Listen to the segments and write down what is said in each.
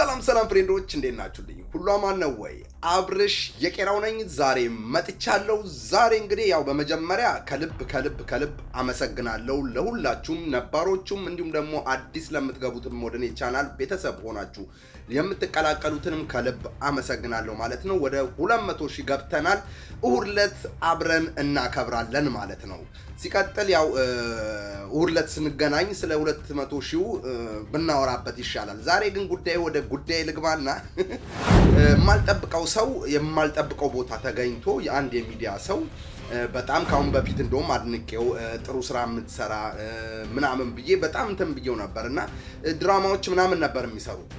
ሰላም ሰላም ፍሬንዶች እንዴት ናችሁልኝ? ሁሉ አማን ነው ወይ? አብርሽ የቄራው ነኝ። ዛሬ መጥቻለሁ። ዛሬ እንግዲህ ያው በመጀመሪያ ከልብ ከልብ ከልብ አመሰግናለሁ ለሁላችሁም ነባሮቹም፣ እንዲሁም ደግሞ አዲስ ለምትገቡትም ወደ እኔ ቻናል ቤተሰብ ሆናችሁ የምትቀላቀሉትንም ከልብ አመሰግናለሁ ማለት ነው። ወደ 200 ሺህ ገብተናል። እሁድ ዕለት አብረን እናከብራለን ማለት ነው። ሲቀጥል ያው ውርለት ስንገናኝ ስለ ሁለት መቶ ሺው ብናወራበት ይሻላል። ዛሬ ግን ጉዳይ ወደ ጉዳይ ልግባና የማልጠብቀው ሰው የማልጠብቀው ቦታ ተገኝቶ የአንድ የሚዲያ ሰው በጣም ከአሁን በፊት እንደውም አድንቄው ጥሩ ስራ የምትሰራ ምናምን ብዬ በጣም እንትን ብዬው ነበር እና ድራማዎች ምናምን ነበር የሚሰሩት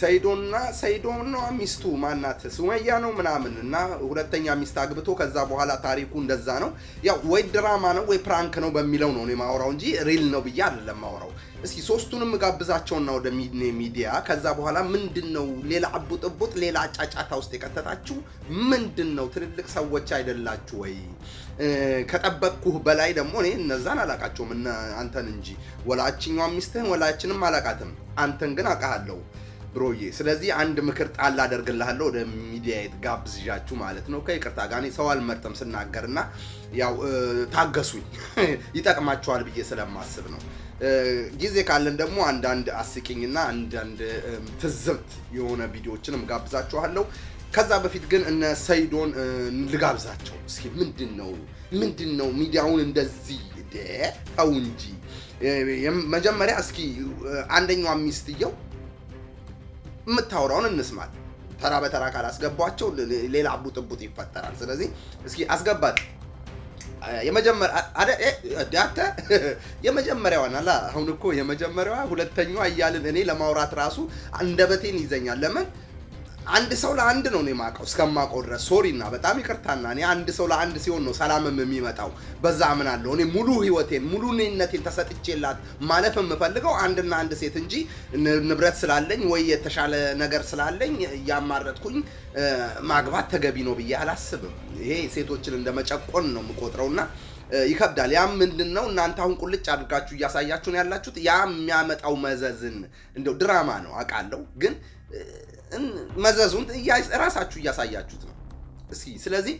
ሰይዶና ሰይዶና ሚስቱ ማናት ሱመያ ነው ምናምን እና ሁለተኛ ሚስት አግብቶ ከዛ በኋላ ታሪኩ እንደዛ ነው። ያው ወይ ድራማ ነው ወይ ፕራንክ ነው በሚለው ነው እኔ እንጂ ሪል ነው ብዬ አይደለም ማወራው እስኪ ሶስቱንም ጋብዛቸውና ወደ ሚዲያ ከዛ በኋላ ምንድን ነው ሌላ አቡጥቡጥ ሌላ ጫጫታ ውስጥ የከተታችሁ ምንድን ነው? ትልልቅ ሰዎች አይደላችሁ ወይ? ከጠበቅኩህ በላይ ደግሞ እኔ እነዛን አላቃቸውም አንተን እንጂ ወላችኛዋ ሚስትህን ወላችንም አላቃትም። አንተን ግን አውቃሃለሁ ብሮዬ። ስለዚህ አንድ ምክር ጣል አደርግልሃለሁ ወደ ሚዲያ ጋብዝዣችሁ ማለት ነው። ከይቅርታ ጋር እኔ ሰው አልመርጥም ስናገር እና ያው ታገሱኝ፣ ይጠቅማችኋል ብዬ ስለማስብ ነው። ጊዜ ካለን ደግሞ አንዳንድ አስቂኝና አንዳንድ ትዝብት የሆነ ቪዲዮዎችንም ጋብዛችኋለሁ። ከዛ በፊት ግን እነ ሰይዶን ልጋብዛቸው እስኪ። ምንድን ነው ምንድን ነው ሚዲያውን እንደዚህ ተው እንጂ መጀመሪያ እስኪ አንደኛው ሚስትየው የምታወራውን እንስማት። ተራ በተራ ካላስገቧቸው ሌላ ቡጥቡጥ ይፈጠራል። ስለዚህ እስኪ አስገባት። የመጀመሪያዋን አላ አሁን እኮ የመጀመሪያዋ ሁለተኛዋ እያልን እኔ ለማውራት ራሱ አንደበቴን ይዘኛል። ለምን አንድ ሰው ለአንድ ነው እኔ ማቀው እስከማቀው ድረስ ሶሪ እና በጣም ይቅርታና እኔ አንድ ሰው ለአንድ ሲሆን ነው ሰላምም የሚመጣው። በዛ አምናለሁ። እኔ ሙሉ ህይወቴን ሙሉ እኔነቴን ተሰጥቼላት ማለፍ የምፈልገው አንድና አንድ ሴት እንጂ ንብረት ስላለኝ ወይ የተሻለ ነገር ስላለኝ እያማረጥኩኝ ማግባት ተገቢ ነው ብዬ አላስብም። ይሄ ሴቶችን እንደ መጨቆን ነው የምቆጥረውና ይከብዳል። ያም ምንድን ነው እናንተ አሁን ቁልጭ አድርጋችሁ እያሳያችሁ ነው ያላችሁት። ያ የሚያመጣው መዘዝን እንደው ድራማ ነው አውቃለሁ ግን መዘዙን ራሳችሁ እያሳያችሁት ነው። እስኪ ስለዚህ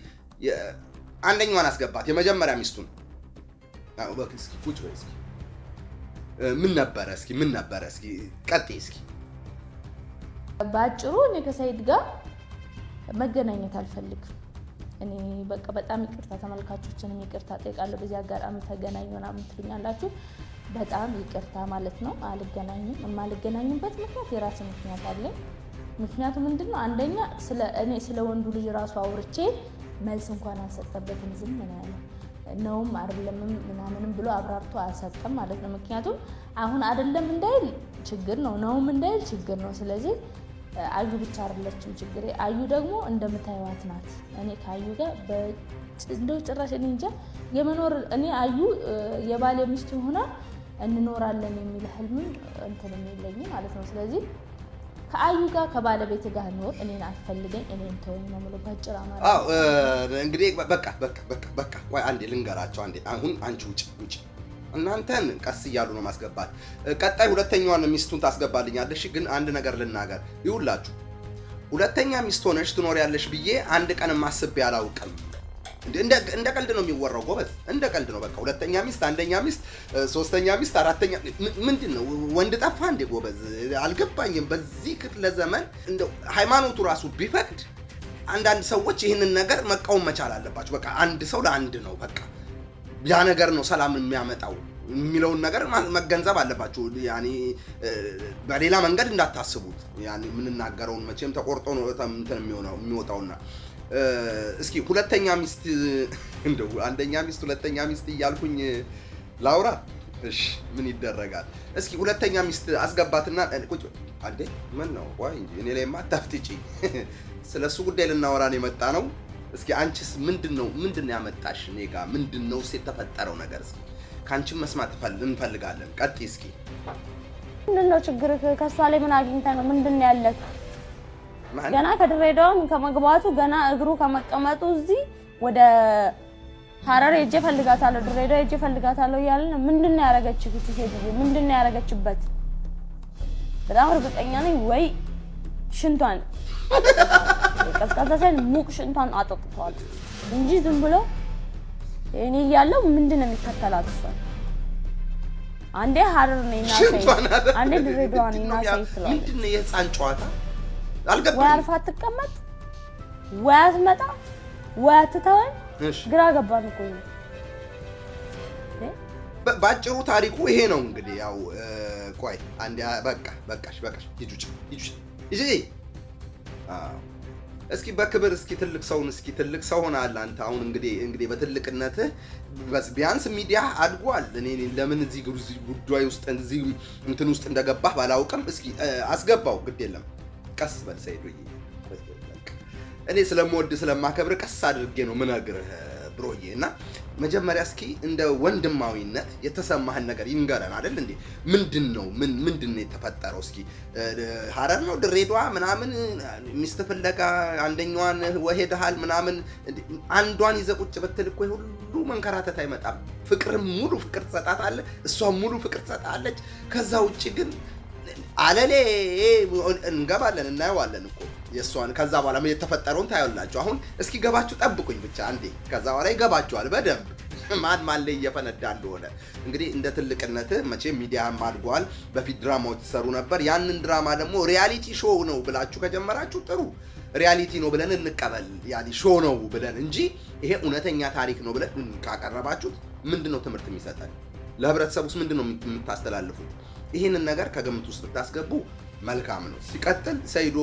አንደኛዋን አስገባት፣ የመጀመሪያ ሚስቱን። እስኪ ቁጭ በይ እስኪ ምን ነበረ እስኪ ምን ነበረ እስኪ ቀጥይ እስኪ በአጭሩ እኔ ከሰይድ ጋር መገናኘት አልፈልግም። እኔ በቃ በጣም ይቅርታ ተመልካቾችንም ይቅርታ ጠይቃለሁ። በዚህ አጋጣሚ ተገናኙ ምናምን ትሉኛላችሁ። በጣም ይቅርታ ማለት ነው። አልገናኝም። የማልገናኝበት ምክንያት የራስ ምክንያት አለኝ። ምክንያቱ ምንድን ነው? አንደኛ እኔ ስለ ወንዱ ልጅ ራሱ አውርቼ መልስ እንኳን አልሰጠበትም። ዝም ምን ያለ ነውም አይደለምም ምናምንም ብሎ አብራርቶ አልሰጠም ማለት ነው። ምክንያቱም አሁን አይደለም እንዳይል ችግር ነው፣ ነውም እንዳይል ችግር ነው። ስለዚህ አዩ ብቻ አይደለችም ችግር። አዩ ደግሞ እንደምታይዋት ናት። እኔ ከአዩ ጋር እንደው ጭራሽ እኔ እንጃ የመኖር እኔ አዩ የባሌ ሚስት ሆና እንኖራለን የሚል ህልምም እንትን የለኝም ማለት ነው። ስለዚህ ከአዩ ጋር ከባለቤት ጋር ኖር፣ እኔን አትፈልገኝ፣ እኔን ተወኝ ነው የምለው ባጭር አማርኛ። እንግዲህ በቃ በቃ በቃ በቃ ቆይ አንዴ ልንገራቸው። አንዴ አሁን አንቺ ውጭ ውጭ። እናንተን ቀስ እያሉ ነው ማስገባት። ቀጣይ ሁለተኛዋን ሚስቱን ታስገባልኛለሽ። ግን አንድ ነገር ልናገር ይውላችሁ፣ ሁለተኛ ሚስት ሆነሽ ትኖሪያለሽ ብዬ አንድ ቀን አስቤ አላውቅም። እንደ ቀልድ ነው የሚወራው ጎበዝ፣ እንደ ቀልድ ነው በቃ። ሁለተኛ ሚስት፣ አንደኛ ሚስት፣ ሶስተኛ ሚስት፣ አራተኛ ምንድን ነው? ወንድ ጠፋ እንዴ ጎበዝ? አልገባኝም። በዚህ ክፍለ ዘመን ሃይማኖቱ ራሱ ቢፈቅድ አንዳንድ ሰዎች ይህንን ነገር መቃወም መቻል አለባቸው። በቃ አንድ ሰው ለአንድ ነው በቃ ያ ነገር ነው ሰላም የሚያመጣው የሚለውን ነገር መገንዘብ አለባችሁ። በሌላ መንገድ እንዳታስቡት። ያኔ የምንናገረውን መቼም ተቆርጦ ነው የሚወጣውና እስኪ ሁለተኛ ሚስት እንደ አንደኛ ሚስት ሁለተኛ ሚስት እያልኩኝ ላውራ። እሺ ምን ይደረጋል። እስኪ ሁለተኛ ሚስት አስገባትና ቁጭ አንዴ። ምን ነው ቆይ እንጂ እኔ ላይ ማታፍጥጪ። ስለ እሱ ጉዳይ ነው የመጣ ነው። እስኪ አንቺስ ምንድን ነው ምንድን ነው ያመጣሽ እኔ ጋር ምንድን ነው የተፈጠረው ነገር? እስኪ ከአንቺም መስማት እንፈልጋለን። ቀጥይ እስኪ ምንድን ነው ችግርህ? ከእሷ ላይ ምን አግኝተህ ነው ምንድን ነው ያለህ? ገና ከድሬዳዋም ከመግባቱ ገና እግሩ ከመቀመጡ እዚህ ወደ ሀረር ሄጄ እፈልጋታለሁ፣ ድሬዳዋ ሄጄ እፈልጋታለሁ እያለን ምንድን ነው ያደረገች ሴትዮ ምንድን ነው ያደረገችበት? በጣም እርግጠኛ ነኝ ወይ ሽንቷን ቀዝቃዛ ሙቅ ሽንቷን አጠጥቷል እንጂ ዝም ብሎ እኔ እያለሁ ምንድን ነው የሚከተላት እሷ አንዴ ሀረር ነኝ እና አንዴ ድሬዳዋ ነኝ እና ምንድን ነው የህፃን ጨዋታ ወይ አርፋ አትቀመጥ ወይ አትመጣ ወይ ግራ ገባን እኮ ታሪኩ ይሄ ነው እንግዲህ። ያው ቆይ አንዴ በቃ በቃሽ፣ በቃሽ። ይጁጭ ይጁጭ እስኪ በክብር እስኪ ትልቅ ሰውን እስኪ ትልቅ ሰው አንተ። አሁን እንግዲህ እንግዲህ በትልቅነትህ ቢያንስ ሚዲያ አድጓል። እኔ ለምን እዚህ ጉዳይ ውስጥ እዚህ እንትን ውስጥ እንደገባህ ባላውቅም እስኪ አስገባው፣ ግድ የለም ቀስ በል ሰይዱዬ፣ እኔ ስለምወድ ስለማከብር ቀስ አድርጌ ነው ምነግርህ ብሮዬ እና መጀመሪያ እስኪ እንደ ወንድማዊነት የተሰማህን ነገር ይንገረን። አይደል እንዴ? ምንድን ነው ምን ምንድን ነው የተፈጠረው? እስኪ ሀረር ነው ድሬዷ ምናምን ሚስት ፍለጋ አንደኛዋን ወሄድሃል ምናምን አንዷን ይዘህ ቁጭ ብትል እኮ ሁሉ መንከራተት አይመጣም። ፍቅርም ሙሉ ፍቅር ትሰጣታለህ፣ እሷም ሙሉ ፍቅር ትሰጣለች። ከዛ ውጭ ግን አለሌ እንገባለን እናየዋለን እኮ የእሷን ከዛ በኋላ የተፈጠረውን ታዩላችሁ። አሁን እስኪ ገባችሁ ጠብቁኝ ብቻ አንዴ። ከዛ በኋላ ይገባችኋል በደንብ ማን ማን ላይ እየፈነዳ እንደሆነ። እንግዲህ እንደ ትልቅነት መቼ ሚዲያም አድጓል። በፊት ድራማዎች ትሰሩ ነበር። ያንን ድራማ ደግሞ ሪያሊቲ ሾው ነው ብላችሁ ከጀመራችሁ ጥሩ ሪያሊቲ ነው ብለን እንቀበል። ያኔ ሾው ነው ብለን እንጂ ይሄ እውነተኛ ታሪክ ነው ብለን ካቀረባችሁት ምንድን ነው ትምህርት የሚሰጠን? ለህብረተሰቡስ ምንድን ነው የምታስተላልፉት? ይህንን ነገር ከግምት ውስጥ ብታስገቡ መልካም ነው። ሲቀጥል ሰይዶ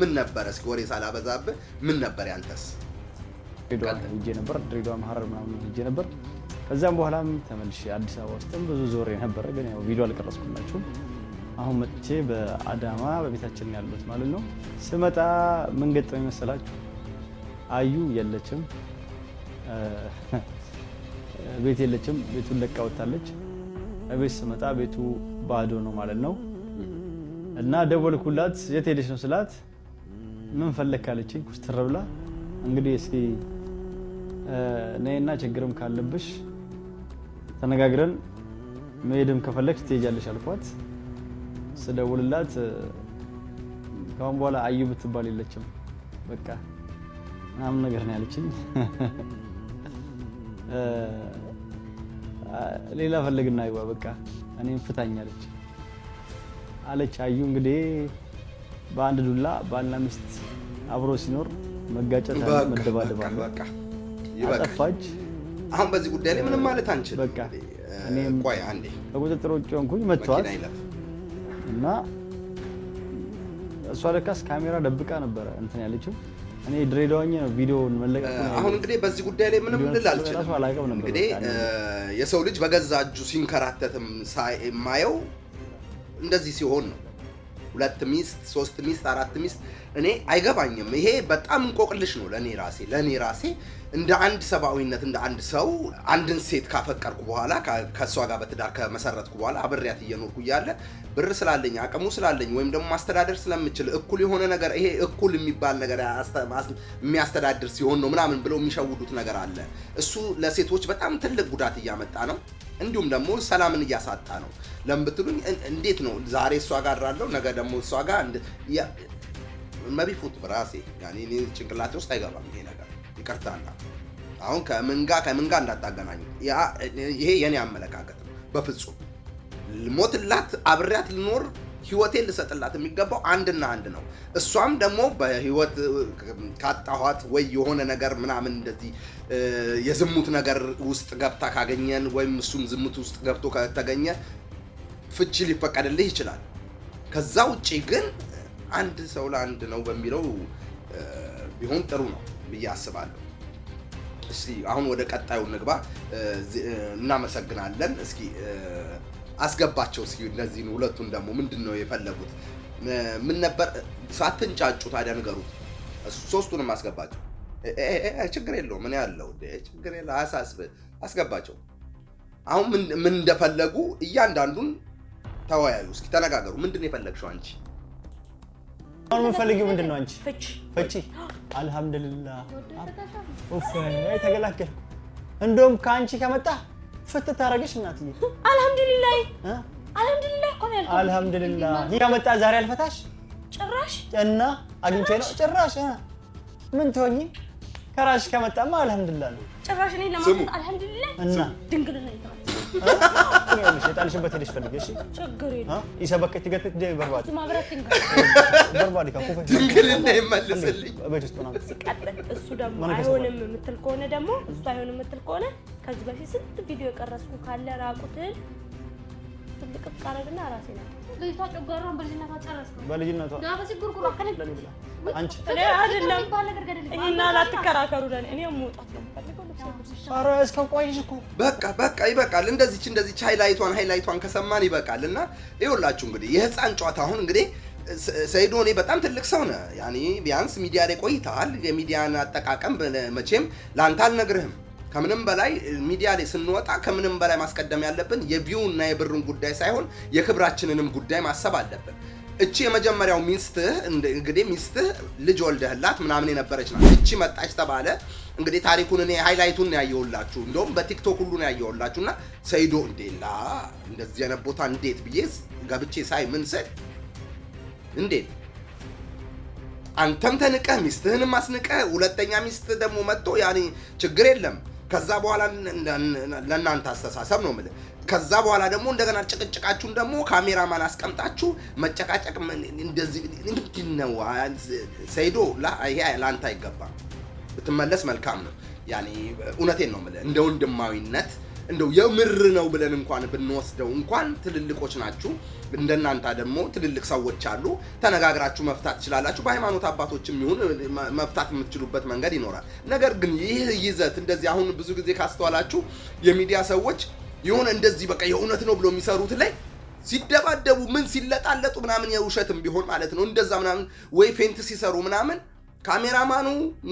ምን ነበረ? እስኪ ወሬ ሳላበዛብህ ምን ነበር ያንተስ? ድሬዳዋ ሄጄ ነበር። ድሬዳዋ ሀረር ምናምን ሄጄ ነበር። ከዚያም በኋላም ተመልሼ አዲስ አበባ ውስጥም ብዙ ዞሬ ነበረ፣ ግን ያው ቪዲዮ አልቀረጽኩላችሁም። አሁን መጥቼ በአዳማ በቤታችን ያሉት ማለት ነው። ስመጣ ምን ገጠመኝ መሰላችሁ? አዩ የለችም፣ ቤት የለችም፣ ቤቱን ለቃ ወጣለች። እቤት ስመጣ ቤቱ ባዶ ነው ማለት ነው። እና ደወልኩላት። የት ሄደች ነው ስላት ምን ፈለግ ካለችኝ ኩስትር ብላ እንግዲህ እስኪ ነይና ችግርም ካለብሽ ተነጋግረን መሄድም ከፈለግሽ ትሄጃለሽ አልኳት። ስደውልላት ከአሁን በኋላ አዩ ብትባል የለችም በቃ ምናምን ነገር ነው ያለችኝ። ሌላ ፈልግና ይዋ በቃ እኔም ፍታኝ አለች አለች። አዩ እንግዲህ በአንድ ዱላ ባልና ሚስት አብሮ ሲኖር መጋጨት መደባደብ አለ። አጠፋች። አሁን በዚህ ጉዳይ ላይ ምንም ማለት አንችል። በቃ እኔም ከቁጥጥር ውጭ ሆንኩኝ። መተዋት እና እሷ ለካስ ካሜራ ደብቃ ነበረ እንትን ያለችው እኔ ድሬዳዋኝ ነው ቪዲዮውን መለቀቅ። አሁን እንግዲህ በዚህ ጉዳይ ላይ ምንም ልል አልችልም። እንግዲህ የሰው ልጅ በገዛ እጁ ሲንከራተትም የማየው እንደዚህ ሲሆን ነው። ሁለት ሚስት፣ ሶስት ሚስት፣ አራት ሚስት እኔ አይገባኝም። ይሄ በጣም እንቆቅልሽ ነው ለእኔ ራሴ ለእኔ ራሴ እንደ አንድ ሰብአዊነት እንደ አንድ ሰው አንድን ሴት ካፈቀርኩ በኋላ ከእሷ ጋር በትዳር ከመሰረትኩ በኋላ አብሬያት እየኖርኩ እያለ ብር ስላለኝ አቅሙ ስላለኝ ወይም ደግሞ ማስተዳደር ስለምችል እኩል የሆነ ነገር ይሄ እኩል የሚባል ነገር የሚያስተዳድር ሲሆን ነው ምናምን ብለው የሚሸውዱት ነገር አለ። እሱ ለሴቶች በጣም ትልቅ ጉዳት እያመጣ ነው። እንዲሁም ደግሞ ሰላምን እያሳጣ ነው። ለምን እንዴት ነው ዛሬ እሷ ጋር እራለሁ፣ ነገ ደግሞ እሷ ጋር መቢፉት በራሴ ጭንቅላቴ ውስጥ አይገባም ይሄ ነገር ይቅርታና አሁን ከምንጋ ከምንጋ እንዳታገናኙ። ይሄ የኔ አመለካከት ነው። በፍጹም ሞትላት፣ አብሬያት ልኖር፣ ህይወቴን ልሰጥላት የሚገባው አንድና አንድ ነው። እሷም ደግሞ በህይወት ካጣኋት ወይ የሆነ ነገር ምናምን እንደዚህ የዝሙት ነገር ውስጥ ገብታ ካገኘን ወይም እሱም ዝሙት ውስጥ ገብቶ ከተገኘ ፍቺ ሊፈቀድልህ ይችላል። ከዛ ውጭ ግን አንድ ሰው ለአንድ ነው በሚለው ቢሆን ጥሩ ነው ብዬ አስባለሁ። እስኪ አሁን ወደ ቀጣዩ ንግባ። እናመሰግናለን። እስኪ አስገባቸው እስኪ እነዚህን ሁለቱን ደግሞ ምንድን ነው የፈለጉት? ምን ነበር? ሳትንጫጩ ታዲያ ንገሩ። ሶስቱንም አስገባቸው። ችግር የለውም ምን ያለው ችግር የለ፣ አያሳስብህ። አስገባቸው። አሁን ምን እንደፈለጉ እያንዳንዱን ተወያዩ። እስኪ ተነጋገሩ። ምንድን ነው የፈለግሽው አንቺ? አሁን የምንፈልጊው ምንድን ነው? አንቺ ፍቺ ፍቺ። አልሐምዱሊላህ ኡፍ ተገላገልኩ። እንደውም ከአንቺ ከመጣ ፍትህ ታደርገሽ እናትዬ። አልሐምዱሊላህ አልሐምዱሊላህ እኮ ነው ያልኩት። አልሐምዱሊላህ ይሄ ከመጣ ዛሬ አልፈታሽ ጭራሽ እና አግኝቼ ነው ጭራሽ ምን ትሆኚ ከራስሽ ከመጣማ አልሐምዱሊላህ ነው ጭራሽ። እኔ ለማለት አልሐምዱሊላህ እና ድንግልና የጣልሽበት ሄደሽ ፈልግ። እሺ፣ ችግር የለም። ኢሰበከ ትገትት ደ በርባድ በርባድ ድንግል እንዳይመልስልኝ ቤት ውስጥ ምናምን ሲቀጥል፣ እሱ ደግሞ አይሆንም የምትል ከሆነ ደግሞ እሱ አይሆንም የምትል ከሆነ ከዚህ በፊት ስንት ቪዲዮ የቀረጽኩ ካለ ራቁትን ትልቅ ቃረግና ራሴ ነው በልጅነቷ ጨረስኩ። በልጅነቷ አንቺ እኔ አይደለም ይሄን አላትከራከሩ ለእኔ እኔ መውጣት ነው የምፈልገው ኧረ እስከ ቆይሽ እኮ በቃ በቃ ይበቃል። እንደዚች እንደዚች ሃይላይቷን ሃይላይቷን ከሰማን ይበቃል። እና ይኸውላችሁ እንግዲህ የህፃን ጨዋታ አሁን እንግዲህ ሰይዶ እኔ በጣም ትልቅ ሰው ነህ። ያኔ ቢያንስ ሚዲያ ላይ ቆይተሃል። የሚዲያን አጠቃቀም መቼም ለአንተ አልነግርህም። ከምንም በላይ ሚዲያ ላይ ስንወጣ ከምንም በላይ ማስቀደም ያለብን የቪው እና የብሩን ጉዳይ ሳይሆን የክብራችንንም ጉዳይ ማሰብ አለብን። እቺ የመጀመሪያው ሚስትህ እንግዲህ ሚስትህ ልጅ ወልደህላት ምናምን የነበረች ናት። እቺ መጣች ተባለ እንግዲህ ታሪኩን እኔ ሃይላይቱን ነው ያየሁላችሁ። እንደውም በቲክቶክ ሁሉ ነው ያየሁላችሁ እና ሰይዶ እንዴላ እንደዚህ አይነት ቦታ እንዴት ብዬ ገብቼ ሳይ ምን ስል እንዴት አንተም ተንቀህ ሚስትህንም አስንቀህ ሁለተኛ ሚስት ደግሞ መጥቶ ያኔ ችግር የለም ከዛ በኋላ ለእናንተ አስተሳሰብ ነው የምልህ። ከዛ በኋላ ደግሞ እንደገና ጭቅጭቃችሁን ደግሞ ካሜራማን አስቀምጣችሁ መጨቃጨቅ እንደዚህ ምንድን ነው ሰይዶ? ይሄ ለአንተ አይገባም። ብትመለስ መልካም ነው። ያኔ እውነቴን ነው የምልህ እንደ ወንድማዊነት እንደው የምር ነው ብለን እንኳን ብንወስደው እንኳን ትልልቆች ናችሁ። እንደናንተ ደግሞ ትልልቅ ሰዎች አሉ። ተነጋግራችሁ መፍታት ትችላላችሁ። በሃይማኖት አባቶችም ይሁን መፍታት የምትችሉበት መንገድ ይኖራል። ነገር ግን ይህ ይዘት እንደዚህ አሁን ብዙ ጊዜ ካስተዋላችሁ የሚዲያ ሰዎች የሆነ እንደዚህ በቃ የእውነት ነው ብሎ የሚሰሩት ላይ ሲደባደቡ ምን ሲለጣለጡ ምናምን የውሸትም ቢሆን ማለት ነው እንደዛ ምናምን ወይ ፌንት ሲሰሩ ምናምን ካሜራማኑ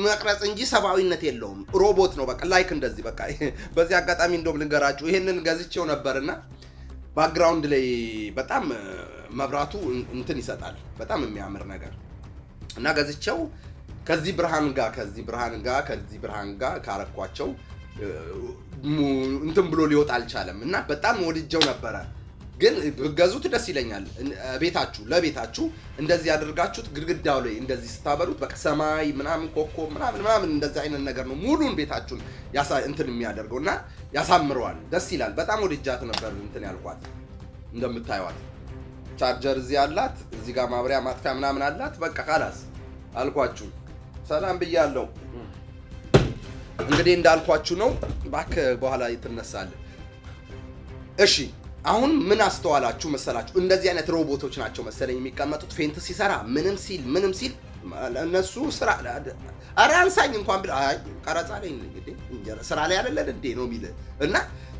መቅረጽ እንጂ ሰብአዊነት የለውም። ሮቦት ነው በቃ ላይክ እንደዚህ በቃ። በዚህ አጋጣሚ እንደውም ልንገራችሁ ይሄንን ገዝቼው ነበርና ባክግራውንድ ላይ በጣም መብራቱ እንትን ይሰጣል። በጣም የሚያምር ነገር እና ገዝቼው ከዚህ ብርሃን ጋር ከዚህ ብርሃን ጋር ከዚህ ብርሃን ጋር ካረኳቸው እንትን ብሎ ሊወጣ አልቻለም እና በጣም ወድጀው ነበረ። ግን ብገዙት ደስ ይለኛል። ቤታችሁ ለቤታችሁ እንደዚህ ያደርጋችሁት ግድግዳው ላይ እንደዚህ ስታበሩት በቃ ሰማይ ምናምን ኮኮ ምናምን ምናምን እንደዚህ አይነት ነገር ነው ሙሉን ቤታችሁን እንትን የሚያደርገው እና ያሳምረዋል። ደስ ይላል። በጣም ወድጃት ነበር እንትን ያልኳት። እንደምታየዋል። ቻርጀር እዚህ አላት፣ እዚህ ጋር ማብሪያ ማጥፊያ ምናምን አላት። በቃ ካላስ አልኳችሁ ሰላም ብያለሁ። እንግዲህ እንዳልኳችሁ ነው። እባክህ በኋላ ትነሳለህ። እሺ አሁን ምን አስተዋላችሁ መሰላችሁ? እንደዚህ አይነት ሮቦቶች ናቸው መሰለኝ የሚቀመጡት። ፌንት ሲሰራ ምንም ሲል ምንም ሲል እነሱ ስራ ኧረ አንሳኝ እንኳን ቢል አይ ቀረጻ ላይ እንግዲህ ስራ ላይ አይደለን እንዴ ነው የሚል እና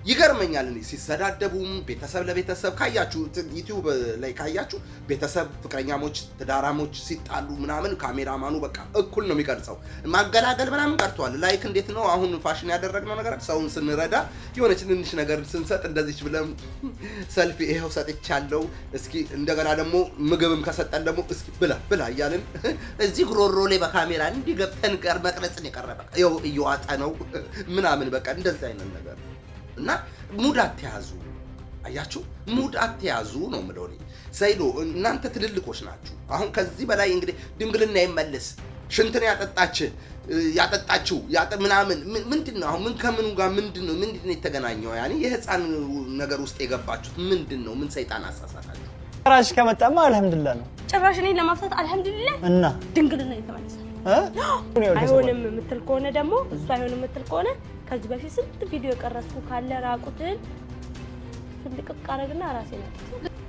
ይገርመኛል እኔ ሲሰዳደቡም ቤተሰብ ለቤተሰብ ካያችሁ ዩቲዩብ ላይ ካያችሁ ቤተሰብ ፍቅረኛሞች፣ ትዳራሞች ሲጣሉ ምናምን ካሜራማኑ በቃ እኩል ነው የሚቀርጸው። ማገላገል ምናምን ቀርቷል። ላይክ እንዴት ነው አሁን ፋሽን ያደረግነው ነገር ሰውን ስንረዳ የሆነች ትንሽ ነገር ስንሰጥ እንደዚች ብለን ሰልፊ ይኸው ሰጥቻለሁ፣ እስኪ እንደገና ደግሞ ምግብም ከሰጠን ደግሞ እስኪ ብላ ብላ እያልን እዚህ ጉሮሮ ላይ በካሜራ እንዲህ ቀር መቅረጽን የቀረ በቃ ይኸው እየዋጠ ነው ምናምን በቃ እንደዚህ አይነት ነገር እና ሙድ አትያዙ። አያችሁ፣ ሙድ አትያዙ ነው የምለው እኔ። ሰይዶ እናንተ ትልልቆች ናችሁ። አሁን ከዚህ በላይ እንግዲህ ድንግልና ይመልስ ሽንትን ያጠጣች ያጠጣችው ምናምን ምንድን ነው አሁን? ምን ከምኑ ጋር ምንድን ነው ምንድን ነው የተገናኘው? ያኔ የህፃን ነገር ውስጥ የገባችሁት ምንድን ነው? ምን ሰይጣን አሳሳታችሁ? ጭራሽ ከመጣማ አልሐምዱላ ነው። ጭራሽ እኔ ለማፍታት አልሐምዱላ እና ድንግልና የተመለሰ አይሆንም የምትል ከሆነ ደግሞ እሱ አይሆንም የምትል ከሆነ ከዚህ በፊት ስንት ቪዲዮ የቀረጽኩ ካለ ራቁትን ፍንድቅቅ አረግና ራሴ ነው።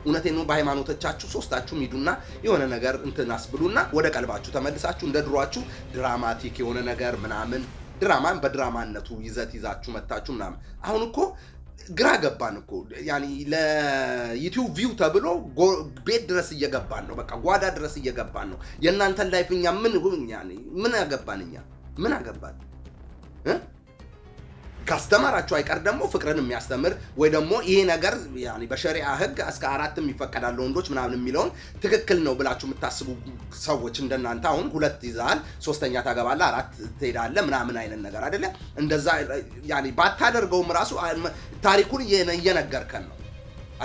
እውነቴ ነው። በሃይማኖቶቻችሁ ሶስታችሁም ሂዱና የሆነ ነገር እንትን አስብሉና ወደ ቀልባችሁ ተመልሳችሁ እንደ ድሯችሁ ድራማቲክ የሆነ ነገር ምናምን ድራማን በድራማነቱ ይዘት ይዛችሁ መታችሁ ምናምን። አሁን እኮ ግራ ገባን እኮ ያኔ ለዩቲዩብ ቪው ተብሎ ቤት ድረስ እየገባን ነው። በቃ ጓዳ ድረስ እየገባን ነው። የእናንተን ላይፍ እኛ ምን ምን ያገባን እኛ ምን አገባን ካስተማራችሁ አይቀር ደግሞ ፍቅርን የሚያስተምር ወይ ደግሞ ይሄ ነገር በሸሪዓ ህግ እስከ አራትም ይፈቀዳል ለወንዶች ምናምን የሚለውን ትክክል ነው ብላችሁ የምታስቡ ሰዎች እንደናንተ አሁን ሁለት ይዛል ሶስተኛ ታገባለ አራት ትሄዳለ ምናምን አይነት ነገር አይደለ? እንደዛ ባታደርገውም ራሱ ታሪኩን እየነገርከን ነው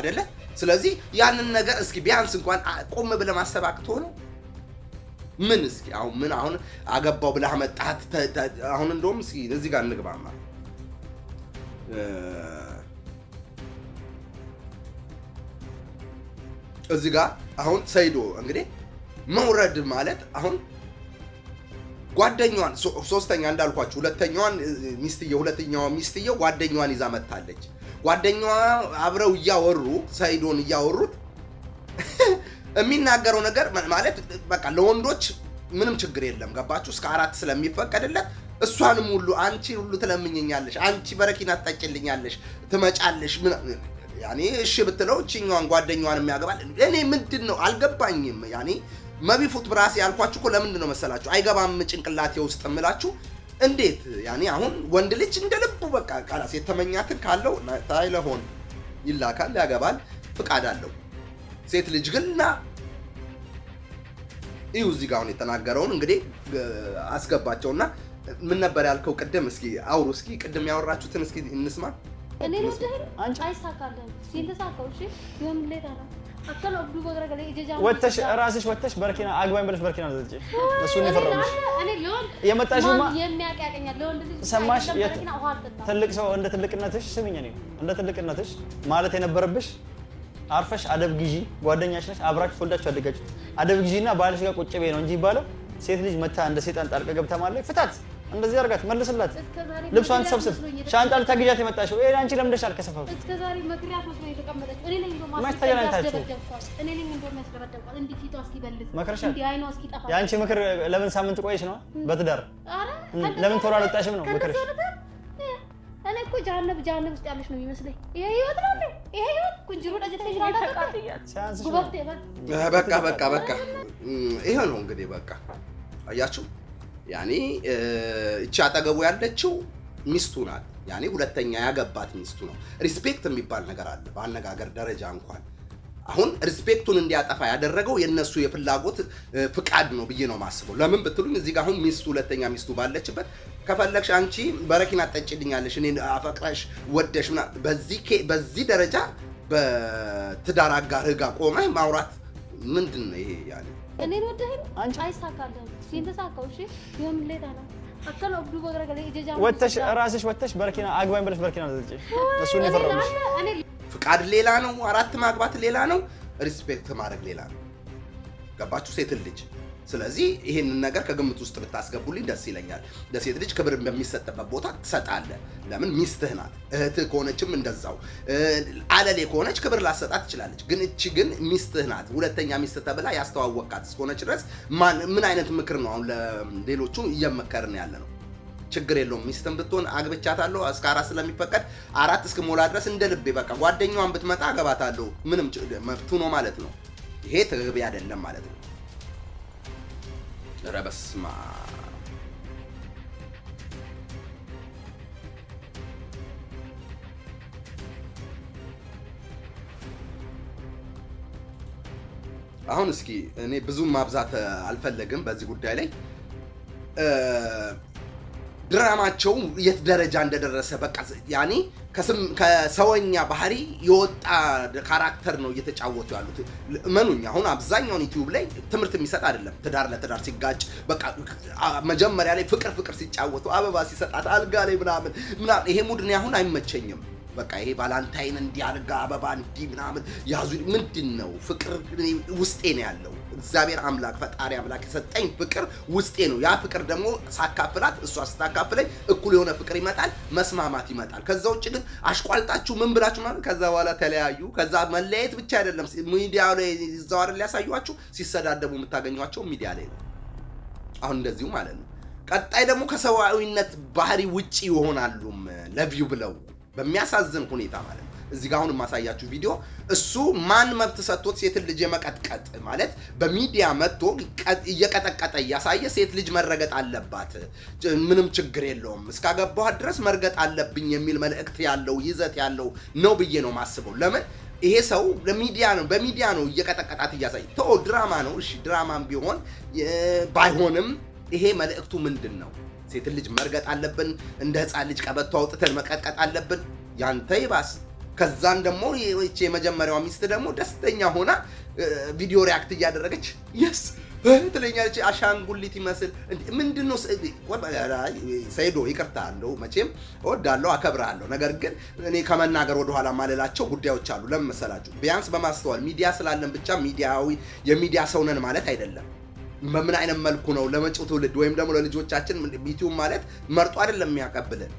አይደለ? ስለዚህ ያንን ነገር እስኪ ቢያንስ እንኳን ቆም ብለህ ማሰብ ነው። ምን እስኪ አሁን ምን አሁን አገባው ብለህ መጣት አሁን እንደውም እስኪ እዚህ ጋር እንግባ እዚህ ጋር አሁን ሰይዶ እንግዲህ መውረድ ማለት አሁን ጓደኛዋን ሶስተኛ እንዳልኳችሁ ሁለተኛዋን ሚስትየው ሁለተኛዋ ሚስትየው ጓደኛዋን ይዛ መታለች። ጓደኛዋ አብረው እያወሩ ሰይዶን እያወሩት የሚናገረው ነገር ማለት በቃ ለወንዶች ምንም ችግር የለም ገባችሁ። እስከ አራት ስለሚፈቀድለት እሷንም ሁሉ አንቺ ሁሉ ትለምኝኛለሽ፣ አንቺ በረኪን አታጭልኛለሽ፣ ትመጫለሽ ያኔ እሺ ብትለው እችኛዋን ጓደኛዋን የሚያገባል። እኔ ምንድን ነው አልገባኝም። ያኔ መቢፉት ብራሴ ያልኳችሁ እኮ ለምንድን ነው መሰላችሁ? አይገባም ጭንቅላቴ ውስጥ እምላችሁ እንዴት ያኔ አሁን ወንድ ልጅ እንደ ልቡ በቃ ቃላስ የተመኛትን ካለው ታይለሆን ይላካል፣ ያገባል፣ ፍቃድ አለው። ሴት ልጅ ግና ይሁ እዚህ ጋር አሁን የተናገረውን እንግዲህ አስገባቸውና ምን ነበር ያልከው ቅድም? እስኪ አውሩ፣ እስኪ ቅድም ያወራችሁትን እስኪ እንስማ። ወተሽ ራስሽ ወተሽ በርኪና አግባኝ ብለሽ በርኪና ዘጭ እሱ ነው የመጣሽማ ሰማሽ? ትልቅ ሰው እንደ ትልቅነትሽ እኔ እንደ ትልቅነትሽ ማለት የነበረብሽ አርፈሽ አደብ ግዢ። ጓደኛሽ ነሽ፣ አብራችሁ ወልዳችሁ አደጋችሁ። አደብ ግዢና ባልሽ ጋር ቁጭ በይ ነው እንጂ ሴት ልጅ መታ እንደ ሴጣን ጣልቃ ገብታ ማለት ፍታት እንደዚህ አድርጋት መልስላት። ልብሷን ሰብስብ። ሻንጣ ልታግዣት የመጣሽው ይሄ አንቺ ለምን ደሻል ከሰፈሩ እስከ ዛሬ መግሪያት ነው የተቀመጠችው። እኔ ነኝ እንደው ማስተያየት የአንቺ ምክር ለምን ሳምንት ቆይሽ ነው በትዳር ለምን ቶሎ አልወጣሽም ነው ምክርሽ። እኔ እኮ ጃነብ ጃነብ ውስጥ ያለሽ ነው የሚመስለኝ። ይሄ ህይወት ነው እንዴ? ይሄ ህይወት ቁንጅሮ ደጅተሽ በቃ በቃ በቃ ይሄ ነው እንግዲህ በቃ አያችሁ ያኔ እቺ አጠገቡ ያለችው ሚስቱ ናት። ያኔ ሁለተኛ ያገባት ሚስቱ ነው። ሪስፔክት የሚባል ነገር አለ በአነጋገር ደረጃ እንኳን አሁን ሪስፔክቱን እንዲያጠፋ ያደረገው የእነሱ የፍላጎት ፍቃድ ነው ብዬ ነው ማስበው። ለምን ብትሉኝ እዚህ ጋር አሁን ሚስቱ ሁለተኛ ሚስቱ ባለችበት ከፈለግሽ አንቺ በረኪና ጠጭልኛለሽ እኔ አፈቅረሽ ወደሽ በዚህ ደረጃ በትዳር አጋርህ ጋር ቆመህ ማውራት ምንድን ነው ይሄ? ያኔ እኔን ወደህ አይሳካልህም የተሳካው እሺ፣ የሆነ ሌላ ወተሽ ራስሽ ወተሽ በርኪና አግባኝ ብለሽ በርኪና ዘጭ። እሱ ነው ፍቃድ ሌላ ነው። አራት ማግባት ሌላ ነው። ሪስፔክት ማድረግ ሌላ ነው። ገባችሁ? ሴት ልጅ ስለዚህ ይህንን ነገር ከግምት ውስጥ ብታስገቡልኝ ደስ ይለኛል። ለሴት ልጅ ክብር በሚሰጥበት ቦታ ትሰጣለህ። ለምን ሚስትህ ናት፣ እህትህ ከሆነችም እንደዛው። አለሌ ከሆነች ክብር ላሰጣት ትችላለች። ግን እቺ ግን ሚስትህ ናት። ሁለተኛ ሚስት ተብላ ያስተዋወቃት እስከሆነች ድረስ ምን አይነት ምክር ነው አሁን ለሌሎቹ እየመከርን ያለ ነው? ችግር የለውም ሚስትም ብትሆን አግብቻታለሁ እስከ አራት ስለሚፈቀድ አራት እስክሞላ ድረስ እንደ ልቤ በቃ ጓደኛዋን ብትመጣ አገባታለሁ ምንም መብቱ ነው ማለት ነው። ይሄ ተገቢ አይደለም ማለት ነው። ኧረ አሁን እስኪ እኔ ብዙም ማብዛት አልፈለግም በዚህ ጉዳይ ላይ ድራማቸው የት ደረጃ እንደደረሰ በቃ ያኔ ከሰወኛ ባህሪ የወጣ ካራክተር ነው እየተጫወቱ ያሉት። መኑኝ አሁን አብዛኛውን ዩቲዩብ ላይ ትምህርት የሚሰጥ አይደለም። ትዳር ለትዳር ሲጋጭ በቃ መጀመሪያ ላይ ፍቅር ፍቅር ሲጫወቱ አበባ ሲሰጣት አልጋ ላይ ምናምን ምናምን ይሄ ሙድ እኔ አሁን አይመቸኝም። በቃ ይሄ ባላንታይን እንዲያርጋ አበባ እንዲ ምናምን ያዙ ምንድን ነው ፍቅር ውስጤ ነው ያለው እግዚአብሔር አምላክ ፈጣሪ አምላክ የሰጠኝ ፍቅር ውስጤ ነው። ያ ፍቅር ደግሞ ሳካፍላት፣ እሷ ስታካፍለኝ እኩል የሆነ ፍቅር ይመጣል፣ መስማማት ይመጣል። ከዛ ውጭ ግን አሽቋልጣችሁ ምን ብላችሁ ማለት ከዛ በኋላ ተለያዩ። ከዛ መለያየት ብቻ አይደለም፣ ሚዲያ ላይ እዛው አይደል ሲሰዳደቡ የምታገኟቸው ሚዲያ ላይ ነው። አሁን እንደዚሁ ማለት ነው። ቀጣይ ደግሞ ከሰብአዊነት ባህሪ ውጪ ይሆናሉም ለቪው ብለው በሚያሳዝን ሁኔታ ማለት ነው። እዚህ ጋር አሁን የማሳያችሁ ቪዲዮ እሱ ማን መብት ሰጥቶት ሴትን ልጅ የመቀጥቀጥ ማለት በሚዲያ መጥቶ እየቀጠቀጠ እያሳየ ሴት ልጅ መረገጥ አለባት፣ ምንም ችግር የለውም፣ እስካገባኋት ድረስ መርገጥ አለብኝ የሚል መልእክት ያለው ይዘት ያለው ነው ብዬ ነው ማስበው። ለምን ይሄ ሰው ለሚዲያ ነው በሚዲያ ነው እየቀጠቀጣት እያሳይ ተው፣ ድራማ ነው እሺ፣ ድራማም ቢሆን ባይሆንም ይሄ መልእክቱ ምንድን ነው? ሴትን ልጅ መርገጥ አለብን፣ እንደ ህፃን ልጅ ቀበቶ አውጥተን መቀጥቀጥ አለብን። ያንተ ይባስ ከዛን ደግሞ ይህች የመጀመሪያዋ ሚስት ደግሞ ደስተኛ ሆና ቪዲዮ ሪያክት እያደረገች የስ ትለኛለች። አሻንጉሊት ይመስል ምንድን ነው ሰይዶ? ይቅርታ እንደው መቼም እወዳለሁ አከብራለሁ፣ ነገር ግን እኔ ከመናገር ወደኋላ ማለላቸው ጉዳዮች አሉ። ለምን መሰላችሁ? ቢያንስ በማስተዋል ሚዲያ ስላለን ብቻ ሚዲያዊ የሚዲያ ሰው ነን ማለት አይደለም። በምን አይነት መልኩ ነው ለመጪው ትውልድ ወይም ደግሞ ለልጆቻችን ዩቲዩብ ማለት መርጦ አይደለም የሚያቀብልን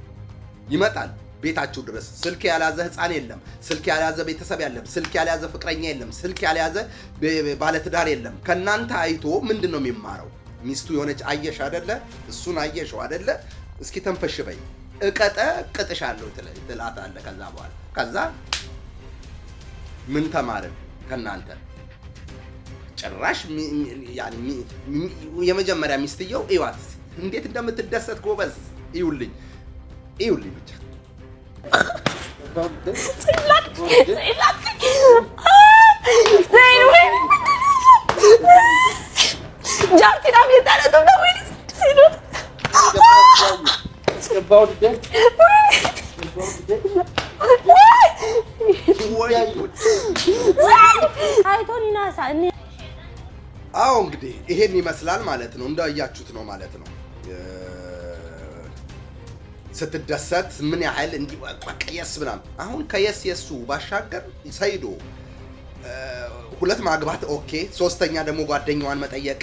ይመጣል ቤታችሁ ድረስ ስልክ ያልያዘ ህፃን የለም። ስልክ ያልያዘ ቤተሰብ የለም። ስልክ ያልያዘ ፍቅረኛ የለም። ስልክ ያልያዘ ባለትዳር የለም። ከእናንተ አይቶ ምንድን ነው የሚማረው? ሚስቱ የሆነች አየሽ አደለ? እሱን አየሽው አደለ? እስኪ ተንፈሽ በይ፣ እቀጠ ቅጥሻለሁ አለ ከዛ በኋላ ከዛ ምን ተማርን ከእናንተ ጭራሽ የመጀመሪያ ሚስትየው እዋት እንዴት እንደምትደሰት ጎበዝ፣ ይውልኝ ይውልኝ ብቻ አዎ እንግዲህ ይሄን ይመስላል ማለት ነው። እንዳያችሁት ነው ማለት ነው። ስትደሰት ምን ያህል እንዲህ የስ ምናምን። አሁን ከየስ የሱ ባሻገር ሰይዶ ሁለት ማግባት ኦኬ፣ ሶስተኛ ደግሞ ጓደኛዋን መጠየቅ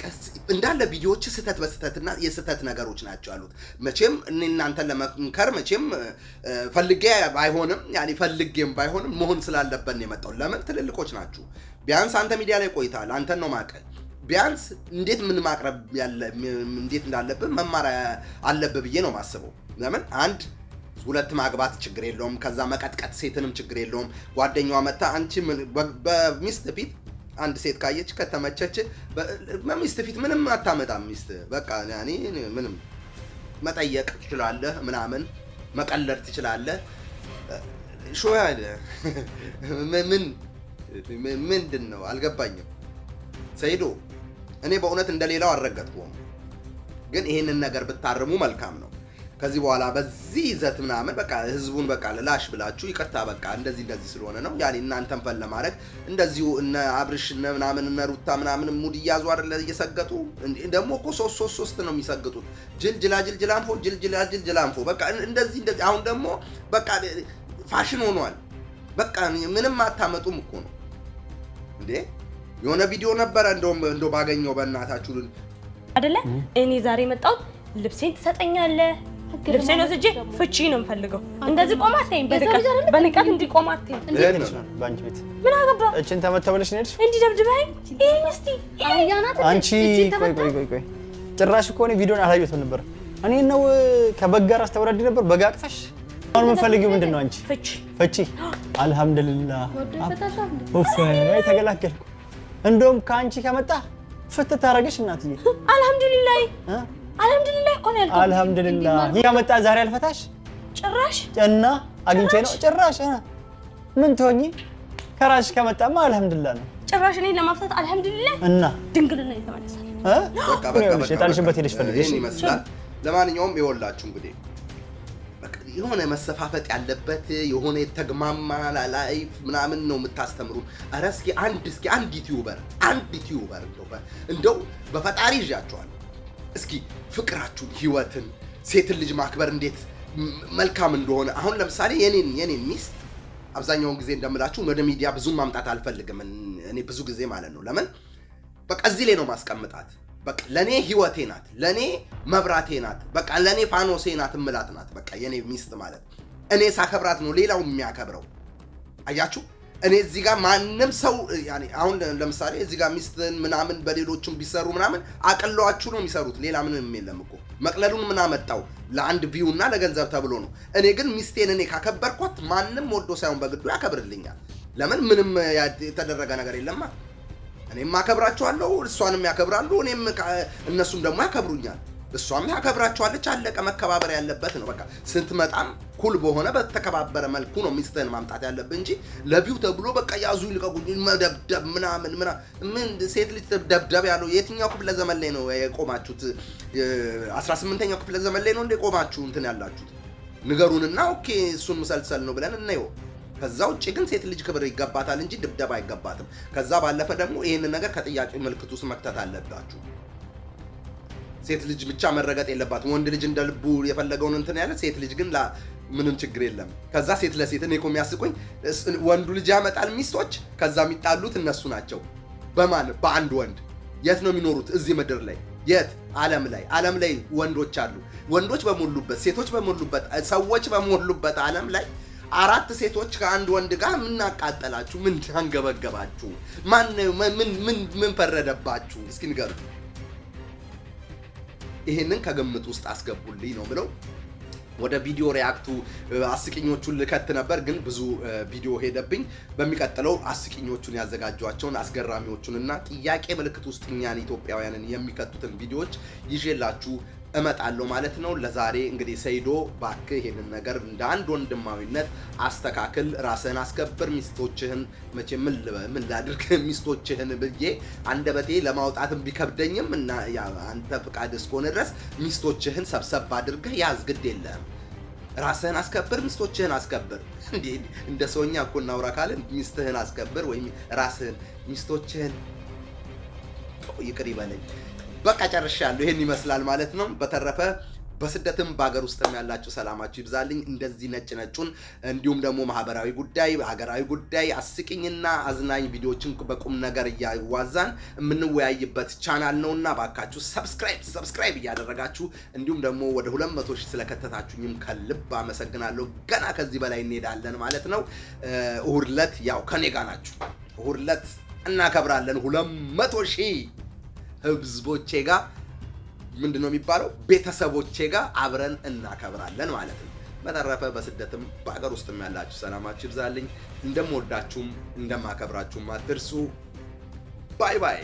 እንዳለ ቪዲዮዎች ስህተት በስህተትና የስህተት ነገሮች ናቸው ያሉት። መቼም እናንተን ለመምከር መቼም ፈልጌ ባይሆንም ያኔ ፈልጌም ባይሆንም መሆን ስላለበት ነው የመጣው። ለምን ትልልቆች ናችሁ። ቢያንስ አንተ ሚዲያ ላይ ቆይታል አንተን ነው ማቀ ቢያንስ እንዴት ምን ማቅረብ እንዴት እንዳለብን መማር አለብህ ብዬ ነው ማስበው። ለምን አንድ ሁለት ማግባት ችግር የለውም። ከዛ መቀጥቀጥ ሴትንም ችግር የለውም። ጓደኛዋ መታ አንቺ በሚስት ፊት አንድ ሴት ካየች ከተመቸች በሚስት ፊት ምንም አታመጣም። ሚስት በቃ ያኔ ምንም መጠየቅ ትችላለህ፣ ምናምን መቀለድ ትችላለህ። ሾ ያለ ምን ምንድን ነው አልገባኝም። ሰይዶ እኔ በእውነት እንደሌላው አልረገጥኩም፣ ግን ይህንን ነገር ብታርሙ መልካም ነው። ከዚህ በኋላ በዚህ ይዘት ምናምን በቃ ህዝቡን በቃ ላሽ ብላችሁ ይቅርታ በቃ እንደዚህ እንደዚህ ስለሆነ ነው ያኔ እናንተን ፈን ለማድረግ እንደዚሁ እነ አብርሽ እነ ምናምን እነ ሩታ ምናምን ሙድ እያዙ አይደለ እየሰገጡ ደግሞ እኮ ሶስት ሶስት ሶስት ነው የሚሰግጡት ጅልጅላ ጅልጅላንፎ ጅልጅላ ጅልጅላንፎ በቃ እንደዚህ እንደዚህ አሁን ደግሞ በቃ ፋሽን ሆኗል በቃ ምንም አታመጡም እኮ ነው እንዴ የሆነ ቪዲዮ ነበረ እንደውም እንደው ባገኘው በእናታችሁ አደለ እኔ ዛሬ መጣሁት ልብሴን ትሰጠኛለህ ልብሴን ወስጄ ፍቺ ነው የምፈልገው። እንደዚህ ቆማ አትይም፣ በንቀት እንዲህ ቆማ አትይም። በአንቺ ምን አገባ? እችን ተመታ ነው የሄድሽ? እንዲህ ደብድበኸኝ? ይሄን እስኪ አንቺ ቆይ ቆይ ቆይ ቆይ፣ ጭራሽ እኮ እኔ ቪዲዮን አላየሁትም ነበር። እኔ ነው ከበግ ጋር አስተወራድ ነበር። በግ አቅፈሽ አሁን የምንፈልጊው ምንድን ነው? አንቺ ፍቺ ፍቺ። አልሐምዱሊላህ ተገላገልኩ። እንደውም ከአንቺ ከመጣ ፍትህ ታደርገሽ እናትዬ። አልሐምዱሊላህ አልሐምዱሊላህ እኮ ነው ያልኩት። አልሐምዱሊላህ ይህ ያመጣ ዛሬ አልፈታሽ ጭራሽ እና አግኝቼ ነው ጭራሽ ምን ትሆኚ ከራስሽ ከመጣማ አልሐምዱሊላህ ነው። ጭራሽ እኔ ለማፍታት አልሐምዱሊላህ እና ድንግልና የተመለሳል። የጣልሽበት ሄደሽ ፈልገሽ ይመስላል። ለማንኛውም ይኸውላችሁ እንግዲህ የሆነ መሰፋፈጥ ያለበት የሆነ የተግማማ ላይፍ ምናምን ነው የምታስተምሩ። ኧረ እስኪ አንድ እስኪ አንድ ዩቲዩበር አንድ ዩቲዩበር እንደው በፈጣሪ ይዣቸዋል እስኪ ፍቅራችሁን፣ ህይወትን፣ ሴትን ልጅ ማክበር እንዴት መልካም እንደሆነ አሁን ለምሳሌ የኔን የኔን ሚስት አብዛኛውን ጊዜ እንደምላችሁ ወደ ሚዲያ ብዙም ማምጣት አልፈልግም። እኔ ብዙ ጊዜ ማለት ነው። ለምን በቃ እዚህ ላይ ነው ማስቀምጣት። በቃ ለእኔ ህይወቴ ናት፣ ለእኔ መብራቴ ናት፣ በቃ ለእኔ ፋኖሴ ናት፣ እምላት ናት። በቃ የኔ ሚስት ማለት እኔ ሳከብራት ነው ሌላው የሚያከብረው። አያችሁ እኔ እዚህ ጋር ማንም ሰው አሁን ለምሳሌ እዚህ ጋር ሚስትን ምናምን በሌሎችም ቢሰሩ ምናምን አቅለዋችሁ ነው የሚሰሩት። ሌላ ምንም የለም እኮ መቅለሉን ምን አመጣው? ለአንድ ቪው እና ለገንዘብ ተብሎ ነው። እኔ ግን ሚስቴን እኔ ካከበርኳት ማንም ወዶ ሳይሆን በግዱ ያከብርልኛል። ለምን ምንም የተደረገ ነገር የለማ። እኔም አከብራችኋለሁ፣ እሷንም ያከብራሉ፣ እኔም እነሱም ደግሞ ያከብሩኛል። እሷም ያከብራቸዋለች። አለቀ። መከባበር ያለበት ነው። በቃ ስትመጣም ኩል በሆነ በተከባበረ መልኩ ነው ሚስትህን ማምጣት ያለብህ እንጂ ለቪው ተብሎ በቃ ያዙ ይልቀቁኝ መደብደብ ምናምን ምን ሴት ልጅ ደብደብ ያለው የትኛው ክፍለ ዘመን ላይ ነው የቆማችሁት? 18ኛው ክፍለ ዘመን ላይ ነው እንደ ቆማችሁ እንትን ያላችሁት? ንገሩንና ኦኬ እሱን ምሰልሰል ነው ብለን እናየው። ከዛ ውጭ ግን ሴት ልጅ ክብር ይገባታል እንጂ ድብደባ አይገባትም። ከዛ ባለፈ ደግሞ ይህንን ነገር ከጥያቄ ምልክት ውስጥ መክተት አለባችሁ። ሴት ልጅ ብቻ መረገጥ የለባትም። ወንድ ልጅ እንደ ልቡ የፈለገውን እንትን ያለ፣ ሴት ልጅ ግን ምንም ችግር የለም። ከዛ ሴት ለሴት እኔ እኮ የሚያስቁኝ ወንዱ ልጅ ያመጣል ሚስቶች፣ ከዛ የሚጣሉት እነሱ ናቸው። በማን በአንድ ወንድ። የት ነው የሚኖሩት? እዚህ ምድር ላይ የት ዓለም ላይ ዓለም ላይ ወንዶች አሉ። ወንዶች በሞሉበት ሴቶች በሞሉበት ሰዎች በሞሉበት ዓለም ላይ አራት ሴቶች ከአንድ ወንድ ጋር ምናቃጠላችሁ? ምን አንገበገባችሁ? ማን ምን ምን ምን ፈረደባችሁ? እስኪ ንገሩ። ይሄንን ከግምት ውስጥ አስገቡልኝ ነው ብለው ወደ ቪዲዮ ሪያክቱ አስቂኞቹን ልከት ነበር፣ ግን ብዙ ቪዲዮ ሄደብኝ። በሚቀጥለው አስቂኞቹን ያዘጋጇቸውን አስገራሚዎቹንና ጥያቄ ምልክት ውስጥ እኛን ኢትዮጵያውያንን የሚከቱትን ቪዲዮዎች ይዤላችሁ እመጣለሁ ማለት ነው። ለዛሬ እንግዲህ ሰይዶ ባክ ይሄንን ነገር እንደ አንድ ወንድማዊነት አስተካክል፣ ራስህን አስከብር፣ ሚስቶችህን መቼ ምን ላድርግ ሚስቶችህን ብዬ አንደበቴ ለማውጣትም ቢከብደኝም እና አንተ ፍቃድ እስከሆነ ድረስ ሚስቶችህን ሰብሰብ አድርገህ ያዝ፣ ግድ የለህም። ራስህን አስከብር፣ ሚስቶችህን አስከብር። እንዴ እንደ ሰውኛ እኮ እናውራ ካልን ሚስትህን አስከብር ወይም ራስህን ሚስቶችህን ይቅር ይበለኝ። በቃ ጨርሻለሁ። ይሄን ይመስላል ማለት ነው። በተረፈ በስደትም በሀገር ውስጥም ያላችሁ ሰላማችሁ ይብዛልኝ። እንደዚህ ነጭ ነጩን እንዲሁም ደግሞ ማህበራዊ ጉዳይ፣ ሀገራዊ ጉዳይ፣ አስቂኝና አዝናኝ ቪዲዮዎችን በቁም ነገር እያዋዛን የምንወያይበት ቻናል ነውና ባካችሁ ሰብስክራይብ ሰብስክራይብ እያደረጋችሁ እንዲሁም ደግሞ ወደ ሁለት መቶ ሺህ ስለከተታችሁኝም ከልብ አመሰግናለሁ። ገና ከዚህ በላይ እንሄዳለን ማለት ነው። እሁድ ዕለት ያው ከኔ ጋ ናችሁ። እሁድ ዕለት እናከብራለን ሁለት መቶ ሺህ ህዝቦቼ ጋር ምንድን ነው የሚባለው ቤተሰቦቼ ጋር አብረን እናከብራለን ማለት ነው። በተረፈ በስደትም በሀገር ውስጥም ያላችሁ ሰላማችሁ ይብዛልኝ። እንደምወዳችሁም እንደማከብራችሁም አትርሱ። ባይ ባይ።